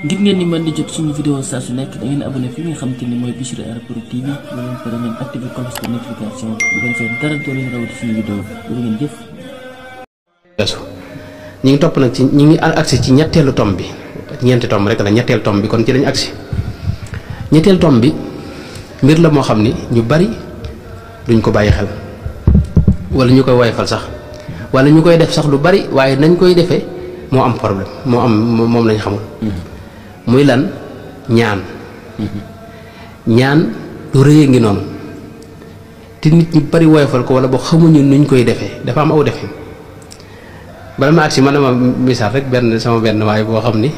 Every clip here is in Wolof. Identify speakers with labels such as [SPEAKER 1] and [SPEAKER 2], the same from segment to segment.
[SPEAKER 1] ngir ngeen ni mën di jot suñu vidéo saa su nekk da nga xam te ni mooy Bichri Airport TV ba leen pare ngeen activé cloche de notification bu ñu ngi topp nag ci ñu ngi agsi ci ñetteelu tom bi ñeenti tom rek la ñetteelu tom kon ci lañu agsi bi mbir la moo xam ni ñu bari duñ ko bàyyi xel wala ñu koy woyofal sax wala ñu koy def sax lu bari waaye nañ koy defee moo am problème moo moom lañ xamul. Mm-hmm. muy lan ñaan ñaan lu rëy ngi noonu te nit ñi bari woyofal ko wala boo xamuñu nuñ koy defee dafa am aw defin bala ma agsi man dama misaal rek benn sama benn waay boo xam ni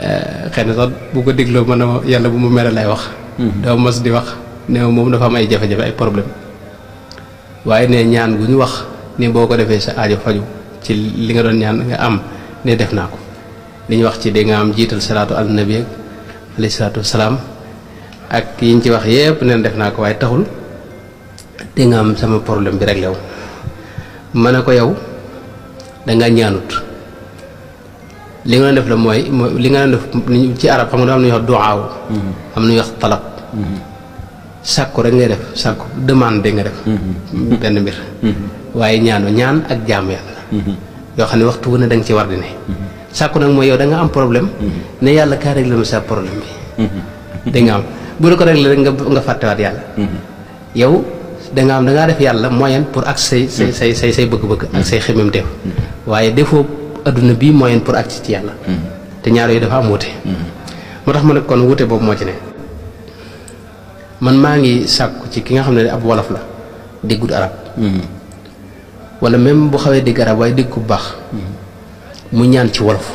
[SPEAKER 1] eh, xëy na sax bu ko dégloo man dama yàlla bu mu mere lay wax mm-hmm. dafa mas di wax ne moom dafa am ay jafe-jafe ay problème waaye ne ñaan gu ñu wax ni boo ko defee sa aajo faju ci li nga doon ñaan nga am ne def naa ko li ñu wax ci dégg nga am jiital salaatu ala nabi ak alayhi salaatu wasalaam ak yiñ ci wax yépp neen def naa ko waaye taxul dégg am sama problème bi réglé wu ma ne ko yow danga ñaanut li nga def la mooy li nga def ci arab xam nga am nañu wax duwaaw
[SPEAKER 2] mm-hmm.
[SPEAKER 1] am wax talab mm-hmm. sàkku rek ngay def sàkku demande nga def mm-hmm. benn mbir waaye ñaanu ñaan ak jaamu yàlla yoo xam ne waxtu wu ne danga ci war di ne sàkku nag mooy yow da nga am problème mhm. ne yàlla kaa réglé ma sa problème
[SPEAKER 2] bi mhm.
[SPEAKER 1] da nga am bu da ko réglé rek nga nga fàttewaat yàlla mhm. yow danga am da ngaa def yàlla moyen pour ak say say say say say bëgg-bëgg ak say xemem teef waaye defoo adduna bii moyen pour ak ci yàlla te ñaar yooyu dafa am wute moo tax ma ne kon wute boobu moo ci ne man maa ngi sàkku ci ki nga xam ne ab wolof la déggul arab wala même bu xawee dégg arab waaye dégg ku baax mu ñaan ci wolof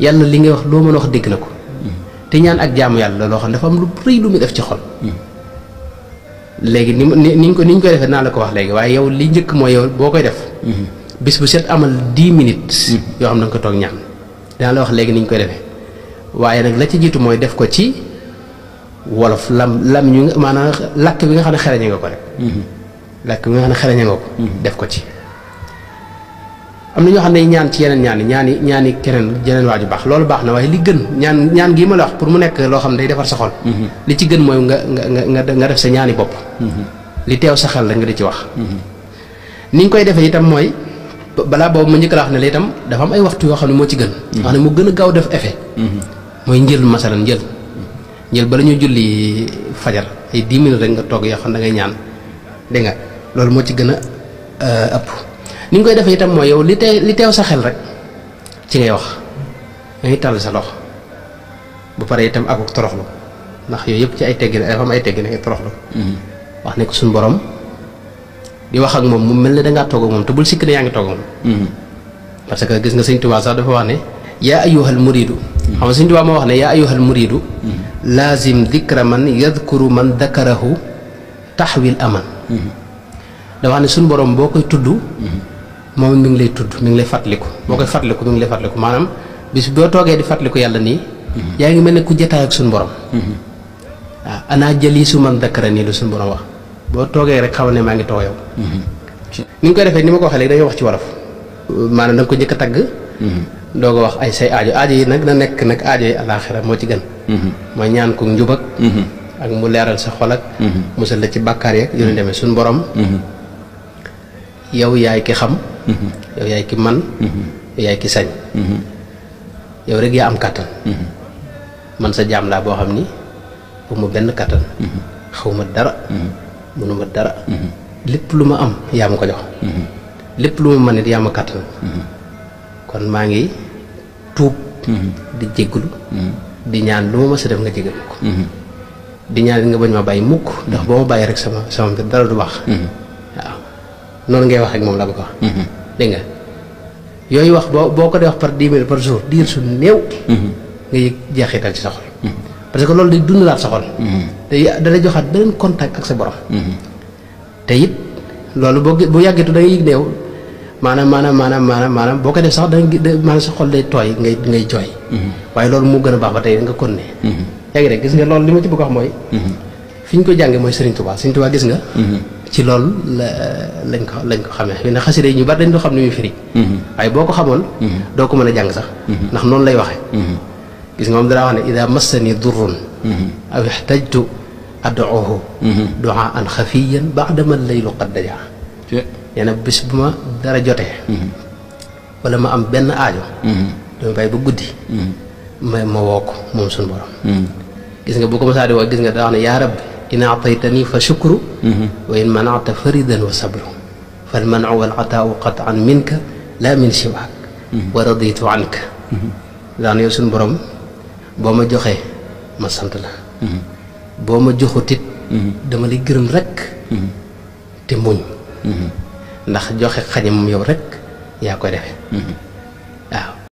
[SPEAKER 1] yàlla li ngay wax loo mën a wax dégg na ko te ñaan ak jaamu yàlla loo xam dafa am lu rëy lu mu def ci xol léegi ni niñ ko ni ñu koy defee naa la ko wax léegi waaye yow li njëkk mooy yow boo koy def bis set amal dix minutes yoo xam na nga ko toog ñaan dinaa wax léegi ni ñu koy defee waaye nag la ci jiitu mooy def ko ci wolof lam lam ñu maanaam lakk bi nga xam ne xereñe nga ko rek mm-hmm. làkk bi nga xam ne xereñe nga ko mm-hmm. def ko ci am na ñoo xam ne ñaan ci yeneen ñaan ñaani ñaani keneen jeneen waaju baax loolu baax na waaye li gën ñaan ñaan gii ma la wax pour mu nekk loo xam ne day defar sa xol mm-hmm. li ci gën mooy nga nga nga nga def sa ñaani bopp mm-hmm. li teew sa xel la nga di ci wax mm-hmm. ni nga koy defee itam mooy balaa boobu ma njëkk la wax ne la itam dafa ay waxtu yoo xam ne moo ci gën wax ne gën a gaaw def effet mooy njël masalan njël njël bala ñu julli fajar ay dix minutes rek nga toog yoo xam da ngay ñaan dégg nga loolu moo ci gën a euh, ëpp ni koy defee itam mooy yow li tee li teew sa xel rek ci ngay wax ngay tàll sa loxo bu paree itam ak toroxlu ndax yooyu yëpp ci ay teggin dafa am ay teggin ay toroxlu mm-hmm. wax ne ko borom di wax ak moom mu mel ne dangaa toog ak moom te bul yaa ngi toog mm-hmm. parce que gis nga sëñ Tuubaa sax dafa wax ne yaa ayyuhal muriidu mm-hmm. xam nga sëñ Tuubaa moo wax ne yaa ayyuhal muriidu laazim dikra man yadkuru man dakarahu taxwil aman dafa wax ne suñu borom boo koy tudd moom mi ngi lay tudd mu ngi lay fàttaliku boo koy fàttaliku mu ngi lay fàttaliku maanaam bis boo toogee di fàttaliku yàlla nii. Mhm. yaa ngi mel ne ku jotaay ak suñu borom. waaw mhm. ah, ana jëli su man dakkara nii lu suñu borom wax boo toogee rek xaw ne maa ngi toog yow. Mhm. ni ñu koy defee ni ma ko waxee léegi wax ci wolof. maanaam da nga ko njëkk a tagg. doo ko wax ay say aajo aajo yi nag na nekk nag aajo yi alaaxira moo ci gën. mooy ñaan ko njub ak. mu leeral sa xol ak. musal la ci bàkkaar yak yu demee suñu borom. yow yaay ki xam. Mm-hmm. yow yaay ki man mm-hmm. yow yaay ki sañ mm-hmm. yow rek yaa am kàttan man sa jaam laa boo xam ni bu ma benn kàttan xaw ma dara mënuma dara lépp lu ma am yaa ma ko jox lépp lu ma mën it yaa ma kàttan kon maa ngi tuub di jégglu di ñaan lu ma mës def nga jégal ko di ñaan nga bañ ma bàyyi mukk ndax boo ma bàyyi rek sama sama mbir dara du baax
[SPEAKER 2] waaw
[SPEAKER 1] noonu ngay wax ak moom la ko wax dégg nga yooyu wax boo boo ko dee wax par dix par jour diir su néew. Mhm. nga yëg jeexital ci sa xol. Mhm. parce que loolu day dundalaat sa xol. Mhm. te da lay joxaat beneen contact sa borom. te it loolu boo bu yàggeetu da ngay yëg néew maanaam maanaam maanaam maanaam maanaam boo ko def sax da ngay maanaam sa day tooy ngay ngay jooy. waaye loolu moo gën a baax ba tey nga kon yaa ngi rek gis nga loolu li ma ci bëgg wax mooy. fi ñu ko jàngee mooy Serigne Touba Serigne Touba gis nga. ci lool la lañ ko lañ ko xamee fi ne xasida yi ñu bari dañ doo xam ne muy firi mm-hmm. waaye boo ko xamoon mm-hmm. doo ko mën a jàng sax mm-hmm. ndax noonu lay waxe gis nga moom danaa wax ne ida massani durrun aw ixtajtu ad'uhu du'aan xafiyan ba'dama laylu qad daja nee na bis bu ma dara jotee wala ma am benn aajo dama bàyyi ba guddi ma ma woo ko moom suñu borom gis nga bu ko masaa di woo gis nga daa wax ne yaa rabbi in ataytani fa shukru wa in manata faridan wa sabru fal manu wal ataau qatan minka la min siwaak wa raditu anka daan yow suñu borom boo ma joxee ma sant la boo ma joxutit dama lay gërëm rek te muñ ndax joxe xañe moom yow rek yaa koy defe waaw